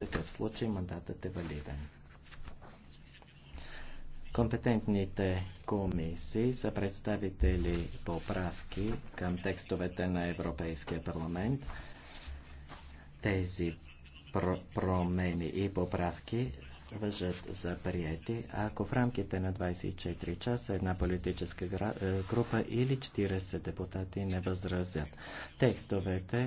такъв случай мандатът е валиден. Компетентните комисии са представители поправки към текстовете на Европейския парламент. Тези пр- промени и поправки въжат за приети, ако в рамките на 24 часа една политическа е, група или 40 депутати не възразят. Текстовете